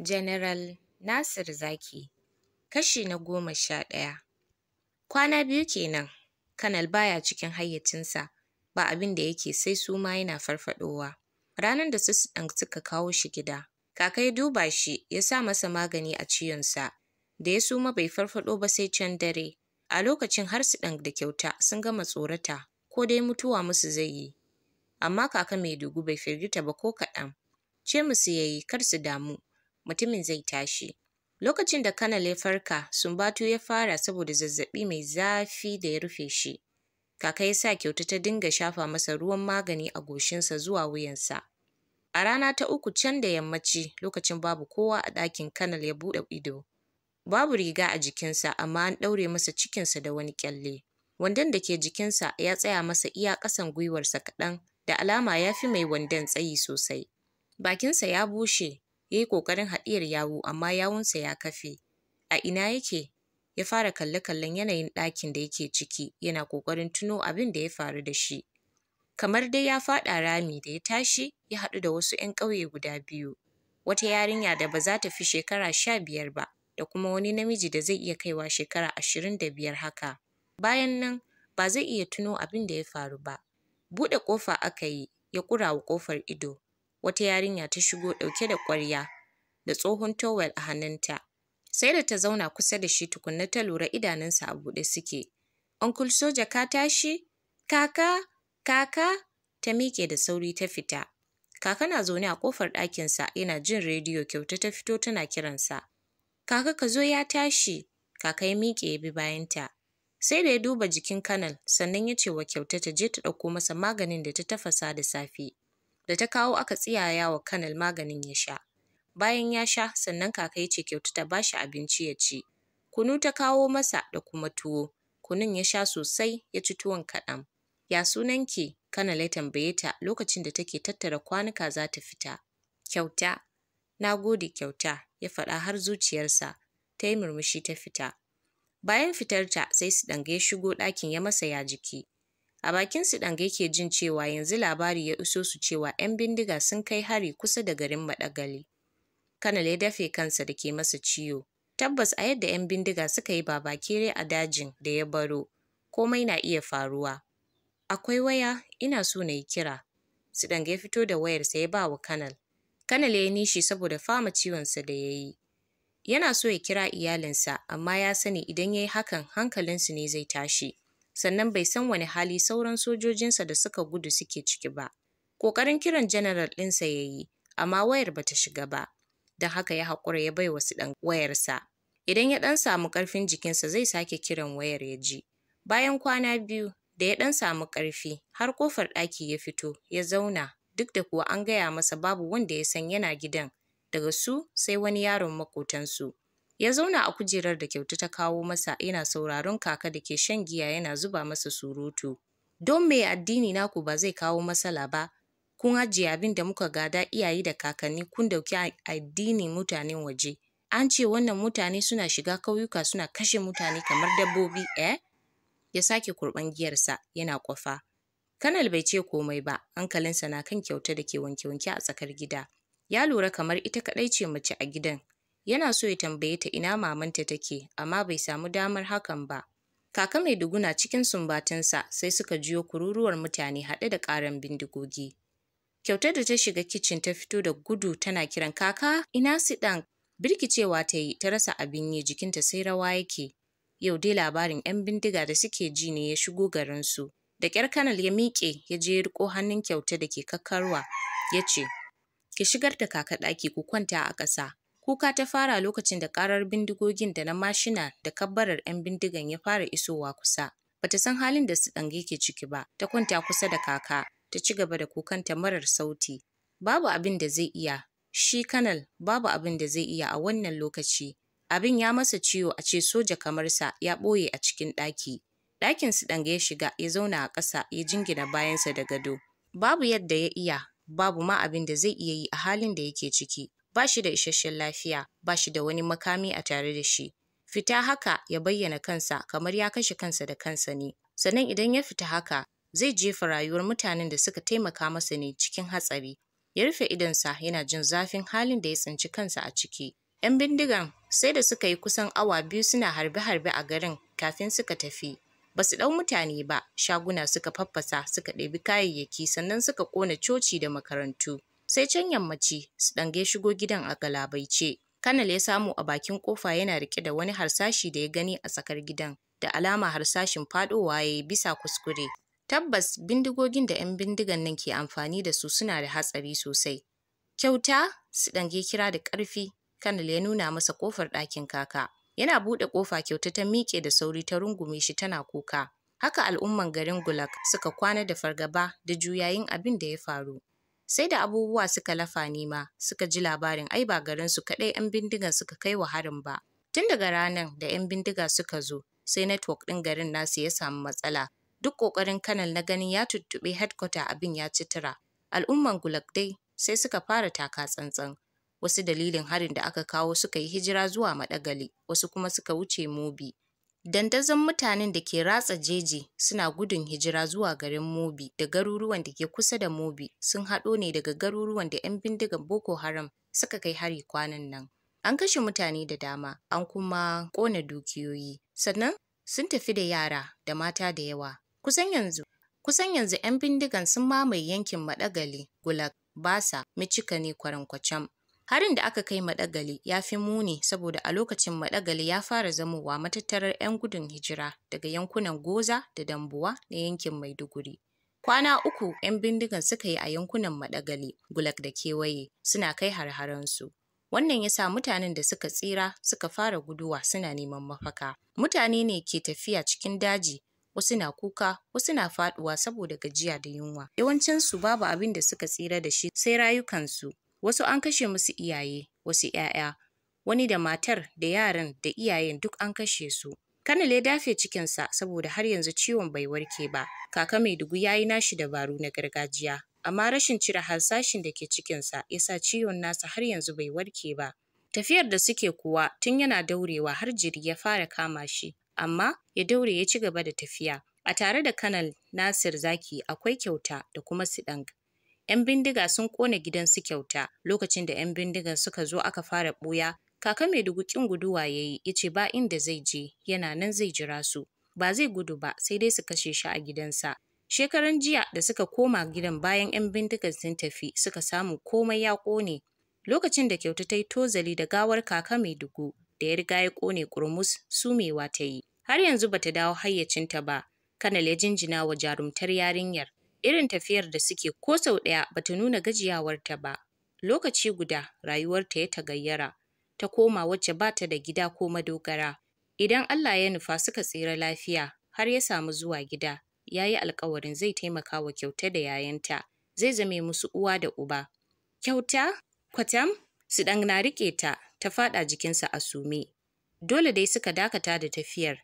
Janaral Nasir Zaki kashi na goma sha ɗaya kwana biyu kenan kanal baya cikin hayyacinsa ba abin da yake sai suma yana farfaɗowa. ranar da su suka kawo shi gida kaka ya duba shi ya sa masa magani a ciyonsa da ya suma bai farfaɗo ba sai can dare a lokacin har su ɗan da kyauta sun gama tsorata ko dai mutuwa musu zai yi amma kaka mai dugu bai firgita ba ko kaɗan ce musu yayi kar su damu mutumin zai tashi. Lokacin da Kanal ya farka, Sumbatu ya fara saboda zazzaɓi mai zafi da ya rufe shi. Kaka ya sa kyauta ta dinga shafa masa ruwan magani a goshinsa zuwa wuyansa. A rana ta uku can da yammaci, lokacin babu kowa a ɗakin Kanal ya buɗe ido. Babu riga a jikinsa, amma an ɗaure masa cikinsa da wani ƙyalle. Wandon da ke jikinsa ya tsaya masa iya ƙasan gwiwarsa kaɗan, da alama ya fi mai wandon tsayi sosai. Bakinsa ya bushe, ya yi ƙoƙarin haɗiyar yawu amma yawunsa ya kafe. A ina yake? Ya fara kalle-kallen yanayin ɗakin da yake ciki, yana ƙoƙarin tuno abin da ya faru da shi. Kamar dai ya faɗa rami da ya tashi, ya haɗu da wasu ‘yan ƙauye guda biyu. Wata yarinya da ba za ta fi shekara sha biyar ba, da kuma wani namiji da zai iya kaiwa shekara ashirin da biyar haka. Bayan nan, ba zai iya tuno abin da ya faru ba. Buɗe ƙofa aka yi, ya ƙura wa ƙofar ido. wata yarinya ta shigo ɗauke da ƙwarya da tsohon towel a hannunta. Sai da ta zauna kusa da shi tukunna ta lura idanunsa a buɗe suke. Uncle Soja ka tashi? Kaka, kaka, ta miƙe da sauri ta fita. Kaka na zaune a ƙofar ɗakinsa yana jin rediyo kyauta ta fito tana kiransa. Kaka ka zo ya tashi, kaka ya miƙe ya bi bayanta. Sai da ya duba jikin kanal sannan ya ce wa kyauta ta je ta ɗauko masa maganin da ta tafasa da safe. da ta kawo aka tsiyaya wa Kanal maganin ya sha. Bayan ya sha sannan kaka ya ce kyautu ta bashi abinci ya ci. Kunu ta kawo masa da kuma tuwo. Kunun ya sha sosai ya ci tuwon kaɗan. Ya sunan sunanki? Kanal ya tambaye ta lokacin da take tattara kwanuka za ta fita. Kyauta. Na gode kyauta, ya faɗa har zuciyarsa. Ta yi murmushi ta fita. Bayan fitarta sai su ɗanga ya shigo ɗakin ya masa ya jiki. A bakin su ɗanga yake jin cewa yanzu labari ya iso su cewa ‘yan bindiga sun kai hari kusa da garin maɗagali Kanal ya dafe kansa da ke masa ciwo. Tabbas a yadda ‘yan bindiga suka yi kerai a dajin da ya baro, komai na iya faruwa. Akwai waya, ina so na yi kira. Su ɗanga ya fito da wayarsa ya ba wa Kanal. Kanal ya nishi saboda fama ciwonsa da ya yi. Yana so ya kira iyalinsa, amma ya sani idan ya yi hakan hankalinsu ne zai tashi. sannan bai san wani hali sauran sojojinsa da suka gudu suke ciki ba. Ƙoƙarin kiran janaral ɗinsa ya yi, amma wayar bata shiga ba, don haka ya haƙura ya bai wasu ɗan wayarsa. Idan ya ɗan samu ƙarfin jikinsa zai sake kiran wayar ya ji. Bayan kwana biyu da ya ɗan samu ƙarfi, har ƙofar ɗaki ya fito, ya zauna, duk da kuwa an gaya masa babu wanda ya san yana gidan, daga su sai wani yaron maƙotansu. Ya zauna a kujerar da kyautu ta kawo masa yana sauraron kaka da ke shan giya yana zuba masa surutu. Don me addini naku ba zai kawo matsala ba, kun ajiye abin da muka gada iyaye da kakanni kun dauki addini mutanen waje. An ce wannan mutane suna shiga kauyuka suna kashe mutane kamar dabbobi, eh? Ya sake kurban giyarsa yana kwafa. Kanal bai ce komai ba, hankalinsa na kan kyauta da ke wanke-wanke a tsakar gida. Ya lura kamar ita kaɗai ce mace a gidan, yana so ya tambaye ta ina mamanta take amma bai samu damar hakan ba kaka mai duguna cikin sumbatunsa sai suka jiyo kururuwar mutane haɗe da ƙaran bindigogi Kyauta da ta shiga kicin ta fito da gudu tana kiran kaka ina si ɗan birkicewa ta yi ta rasa abin yi jikinta sai rawa yake yau dai labarin 'yan bindiga da suke ji ne ya shigo garinsu da ƙyar kanal ya miƙe ya je ya riƙo hannun kyauta da ke kakkarwa ya ce ki shigar da kaka ɗaki ku kwanta a ƙasa Kuka ta fara lokacin da karar bindigogin da na mashina da kabbarar 'yan bindigan ya fara isowa kusa. Bata san halin da su ɗange ke ciki ba, ta kwanta kusa da kaka, ta ci gaba da kukanta marar sauti. Babu abin da zai iya, shi kanal babu abin da zai iya a wannan lokaci. Abin ya masa ciwo a ce soja kamar sa ya ɓoye a cikin ɗaki. Ɗakin su ɗange ya shiga ya zauna a ƙasa ya jingina bayansa da gado. Babu yadda ya iya, babu ma abin da zai iya yi a halin da yake ciki. ba shi da isasshen lafiya, ba shi da wani makami a tare da shi. Fita haka ya bayyana kansa kamar ya kashe kansa da kansa ne. Sannan idan ya fita haka, zai jefa rayuwar mutanen da suka taimaka masa ne cikin hatsari. Ya rufe idonsa yana jin zafin halin da ya tsinci kansa a ciki. 'Yan bindigan sai da suka yi kusan awa biyu suna harbe-harbe a garin kafin suka tafi. Ba su ɗau mutane ba, shaguna suka faffasa suka ɗebi kayayyaki sannan suka ƙona coci da makarantu. sai can yammaci su ɗange shigo gidan a galabaice. Kanal ya samu a bakin kofa yana riƙe da wani harsashi da ya gani a tsakar gidan, da alama harsashin faɗowa ya yi bisa kuskure. Tabbas bindigogin da 'yan bindigan nan ke amfani da su suna da hatsari sosai. Kyauta su ɗange kira da ƙarfi, Kanal ya nuna masa ƙofar ɗakin kaka. Yana buɗe ƙofa kyauta ta miƙe da sauri ta rungume shi tana kuka. Haka al'umman garin Gulak suka kwana da fargaba da juyayin abin da ya faru. Sai da abubuwa suka lafa nema, suka ji labarin ai ba garinsu kaɗai 'yan bindigan suka kai wa harin ba. Tun daga ranar da 'yan bindiga suka zo, sai network ɗin garin nasu ya samu matsala. Duk ƙoƙarin kanal na ganin ya tuttuɓe headquarter abin ya ci tura. Al'umman Gulag dai sai suka fara taka tsantsan. Wasu dalilin harin da aka kawo suka yi hijira zuwa maɗagali wasu kuma suka wuce Mobi. Dandazon mutanen da ke ratsa jeji suna gudun hijira zuwa garin Mobi da garuruwan da ke kusa da Mobi sun haɗo ne daga garuruwan da ‘yan bindigan Boko Haram suka kai hari kwanan nan. An kashe mutane da dama, an kuma ƙona dukiyoyi, sannan sun tafi da yara da mata da yawa. Kusan yanzu, kusan yanzu ‘yan bindigan sun mamaye yankin maɗagali Gulag, Basa, Michika ne Harin da aka kai maɗagali ya fi muni saboda a lokacin maɗagali ya fara zamowa matattarar 'yan gudun hijira daga yankunan Goza da Dambuwa na yankin Maiduguri. Kwana uku 'yan bindigan suka yi a yankunan maɗagali, Gulag da kewaye suna kai har-haransu. Wannan ya sa mutanen da suka tsira suka fara guduwa suna neman mafaka. Mutane ne ke tafiya cikin daji wasu na kuka, wasu na faduwa saboda gajiya da yunwa. Yawancinsu babu abin da suka tsira da shi sai rayukansu. Wasu an kashe musu iyaye, wasu ‘ya'ya, wani da matar da yaran da iyayen duk an kashe su. Kanal ya dafe cikinsa saboda har yanzu ciwon bai warke ba. Kaka Maiduguri ya yi nashi dabaru na gargajiya, amma rashin cire harsashin da ke cikinsa yasa ciwon nasa har yanzu bai warke ba. Tafiyar da suke kuwa tun yana daurewa har jiri ya fara kama shi, amma ya daure ya ci gaba da tafiya. A tare da Kanal Nasir Zaki akwai Kyauta da kuma sidan. 'Yan bindiga sun gidan su kyauta lokacin da 'yan bindigan suka zo aka fara ɓuya. Kaka mai dugukin guduwa ya yi ya ce ba inda zai je yana nan zai jira su. Ba zai gudu ba sai dai su kashe shi a gidansa. Shekaran jiya da suka koma gidan bayan 'yan bindigan sun tafi suka samu komai ya kone. Lokacin da kyauta ta yi tozali da gawar kaka mai dugu da ya riga ya ƙone ƙurmus sumewa ta yi. Har yanzu bata dawo hayyacinta ba. Kanal ya jinjina wa jarumtar yarinyar. Irin tafiyar da suke ko sau ɗaya ba ta nuna gajiyawarta ba. Lokaci guda rayuwarta ya tagayyara, ta koma wacce ba ta da gida ko madogara. Idan Allah ya nufa suka tsira lafiya har ya samu zuwa gida, ya yi alkawarin zai taimaka wa kyauta da yayanta, zai zame musu uwa da uba. Kyauta, kwatam, su ɗan na riƙe ta, ta faɗa jikinsa a sume. Dole dai suka dakata da tafiyar,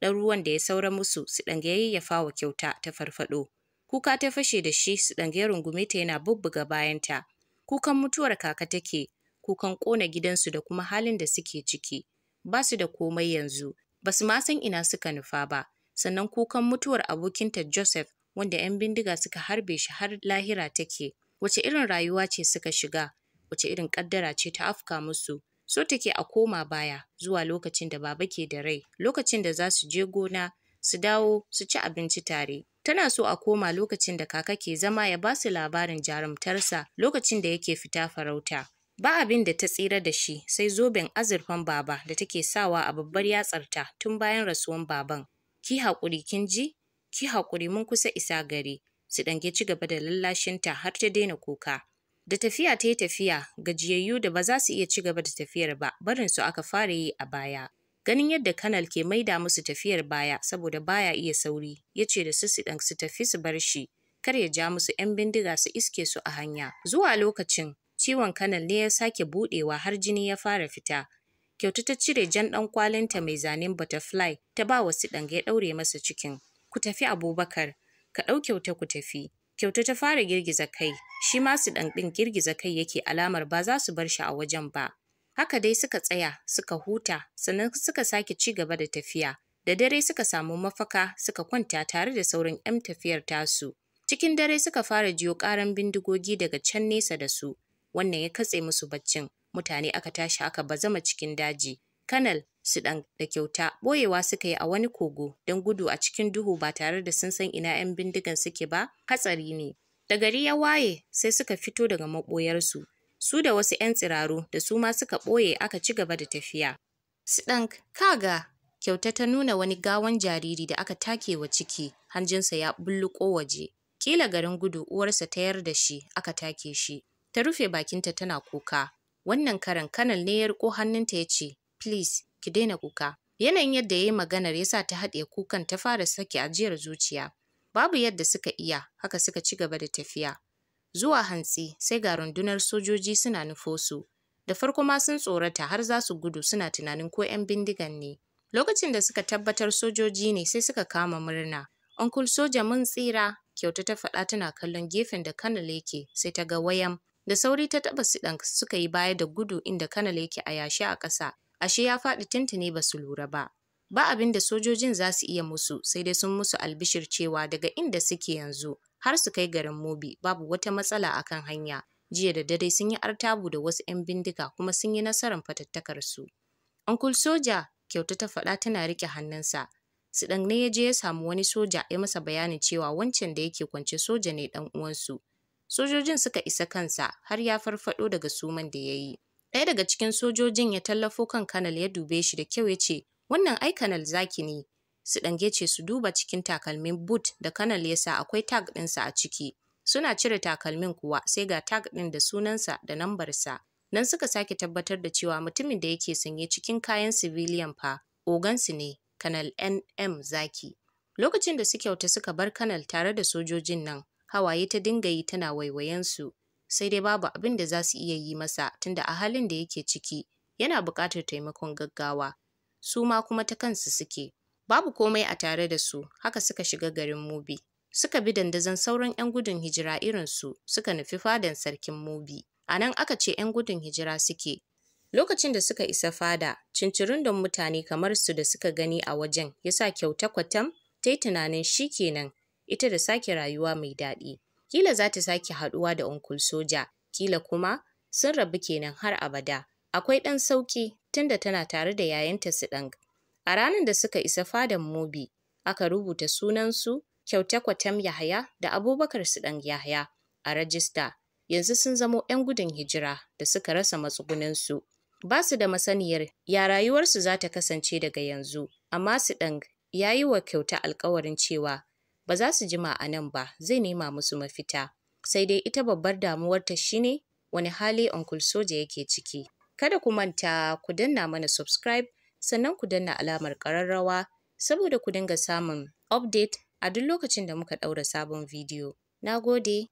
ɗan ruwan da ya saura musu su ɗan yayyafa wa kyauta ta farfaɗo. Kuka ta fashe da shi su ɗange rungume ta yana bubbuga bayanta. Kukan mutuwar kaka take, kukan ƙona gidansu da kuma halin da suke ciki. Ba su da komai yanzu, ba su ma san ina suka nufa ba. Sannan kukan mutuwar abokinta Joseph wanda 'yan bindiga suka harbe shi har lahira take. Wace irin rayuwa ce suka shiga? Wace irin ƙaddara ce ta afka musu? so take a koma baya zuwa lokacin da baba ke da rai, lokacin da za su je gona, su dawo, su ci abinci tare. Tana so a koma lokacin da kaka ke zama ya ba su labarin jarumtarsa lokacin da yake fita farauta. Ba abin da ta tsira da shi sai zoben azurfan baba da take sawa a babbar yatsarta tun bayan rasuwan baban. Ki haƙuri kin ji? Ki haƙuri mun kusa isa gari. Su ɗange ci gaba da lallashinta har ta daina kuka. Da tafiya ta yi tafiya, gajiyayyu da ba za su iya ci gaba da tafiyar ba, barin su aka fara yi a baya. Ganin yadda Kanal ke maida musu tafiyar baya saboda baya iya sauri, ya ce da su ɗan su tafi su bar shi, kar ya ja musu ‘yan bindiga su iske su a hanya. Zuwa lokacin, ciwon Kanal ne ya sake buɗewa har jini ya fara fita. Kyautu ta cire jan ɗan kwalinta mai zanen butterfly ta ba wa sidan ya ɗaure masa cikin. Ku tafi Abubakar, ka ɗau kyauta ku tafi. Kyauta ta fara girgiza kai, shi ma su ɗan ɗin girgiza kai yake alamar ba za su bar shi a wajen ba. Haka dai suka tsaya, suka huta, sannan suka sake ci gaba da tafiya. Da dare suka samu mafaka, suka kwanta tare da sauran 'yan tafiyar tasu. Cikin dare suka fara jiyo ƙaran bindigogi daga can nesa da su. Wannan ya katse musu baccin. Mutane aka tashi aka bazama cikin daji. Kanal, su ɗan da kyauta, ɓoyewa suka yi a wani kogo don gudu a cikin duhu ba tare da sun san ina 'yan bindigan suke ba, hatsari ne. Da gari ya waye, sai suka fito daga maɓoyarsu. su da wasu 'yan tsiraru da su ma suka ɓoye aka ci gaba da tafiya. Siɗank, kaga, kyauta ta nuna wani gawan jariri da aka take wa ciki, hanjinsa ya bulluƙo waje. Kila garin gudu uwarsa ta yar da shi, aka take shi. Ta rufe bakinta tana kuka. Wannan karan kanal ne ya riƙo hannunta ya ce, Please, ki daina kuka. Yanayin yadda ya yi maganar ya sa ta haɗe kukan ta fara sake ajiyar zuciya. Babu yadda suka iya, haka suka ci gaba da tafiya. Zuwa hantsi sai ga rundunar sojoji suna nufo su. Da farko ma sun tsorata har za su gudu suna tunanin ko 'yan bindigan ne. Lokacin da suka tabbatar sojoji ne sai suka kama murna. Onkul soja mun tsira, kyauta ta faɗa tana kallon gefen da kanal yake sai ta ga wayam. Da sauri ta taɓa siɗan suka yi baya da gudu inda kanal yake a yashe a ƙasa. Ashe ya faɗi tuntuni ba su lura ba. Ba abin da sojojin za su iya musu sai dai sun musu albishir cewa daga inda suke yanzu har su kai garin Mobi babu wata matsala akan hanya. Jiya da dare sun yi artabu da wasu 'yan bindiga kuma sun yi nasarar fatattakar su. Uncle Soja kyauta ta faɗa tana riƙe hannunsa. ɗan ne ya je ya samu wani soja ya masa bayanin cewa wancan da yake kwance soja ne ɗan uwansu. Sojojin suka isa kansa har ya farfaɗo daga suman da ya yi. Ɗaya daga cikin sojojin ya tallafo kan kanal ya dube shi da kyau ya ce, Wannan ai kanal zaki ne, su ɗan gece su duba cikin takalmin boot da kanal ya sa akwai tag ɗinsa a ciki. Suna cire takalmin kuwa sai ga tag ɗin da sunansa da nambarsa. Nan suka sake tabbatar da cewa mutumin da yake sanye cikin kayan civilian fa ogansu ne, kanal NM Zaki. Lokacin da su kyauta suka bar kanal tare da sojojin nan, hawaye ta dinga yi tana waiwayensu. Sai dai babu abin da za su iya yi masa tunda a halin da yake ciki yana buƙatar taimakon gaggawa. Su ma kuma ta kansu suke. Babu komai a tare da su, haka suka shiga garin Mubi. Suka bi dandazon sauran 'yan gudun hijira irinsu suka nufi fadan sarkin Mubi. A nan aka ce 'yan gudun hijira suke. Lokacin da suka isa fada, cincirindon mutane kamar su da suka gani a wajen ya sa kyauta kwatam ta yi tunanin shi kenan ita da sake rayuwa mai daɗi. Kila za ta sake haɗuwa da onkul soja, kila kuma sun rabu kenan har abada. Akwai ɗan sauki tunda tana tare da yayanta su ɗan A ranar da suka isa fadan Mobi, aka rubuta sunansu Kyauta Kwatam Yahaya da Abubakar sudan Yahaya a rajista. Yanzu sun zamo 'yan gudun hijira da suka rasa matsugunansu. Ba su da masaniyar ya rayuwarsu za ta kasance daga yanzu, amma sudan ya yi wa Kyauta alkawarin cewa ba za su jima a nan ba, zai nema musu mafita. Sai dai ita babbar damuwarta shine wani hali Uncle Soja yake ciki. Kada ku manta ku danna mana subscribe sannan ku danna alamar ƙararrawa saboda ku dinga samun update a duk lokacin da muka ɗaura sabon bidiyo. Na gode.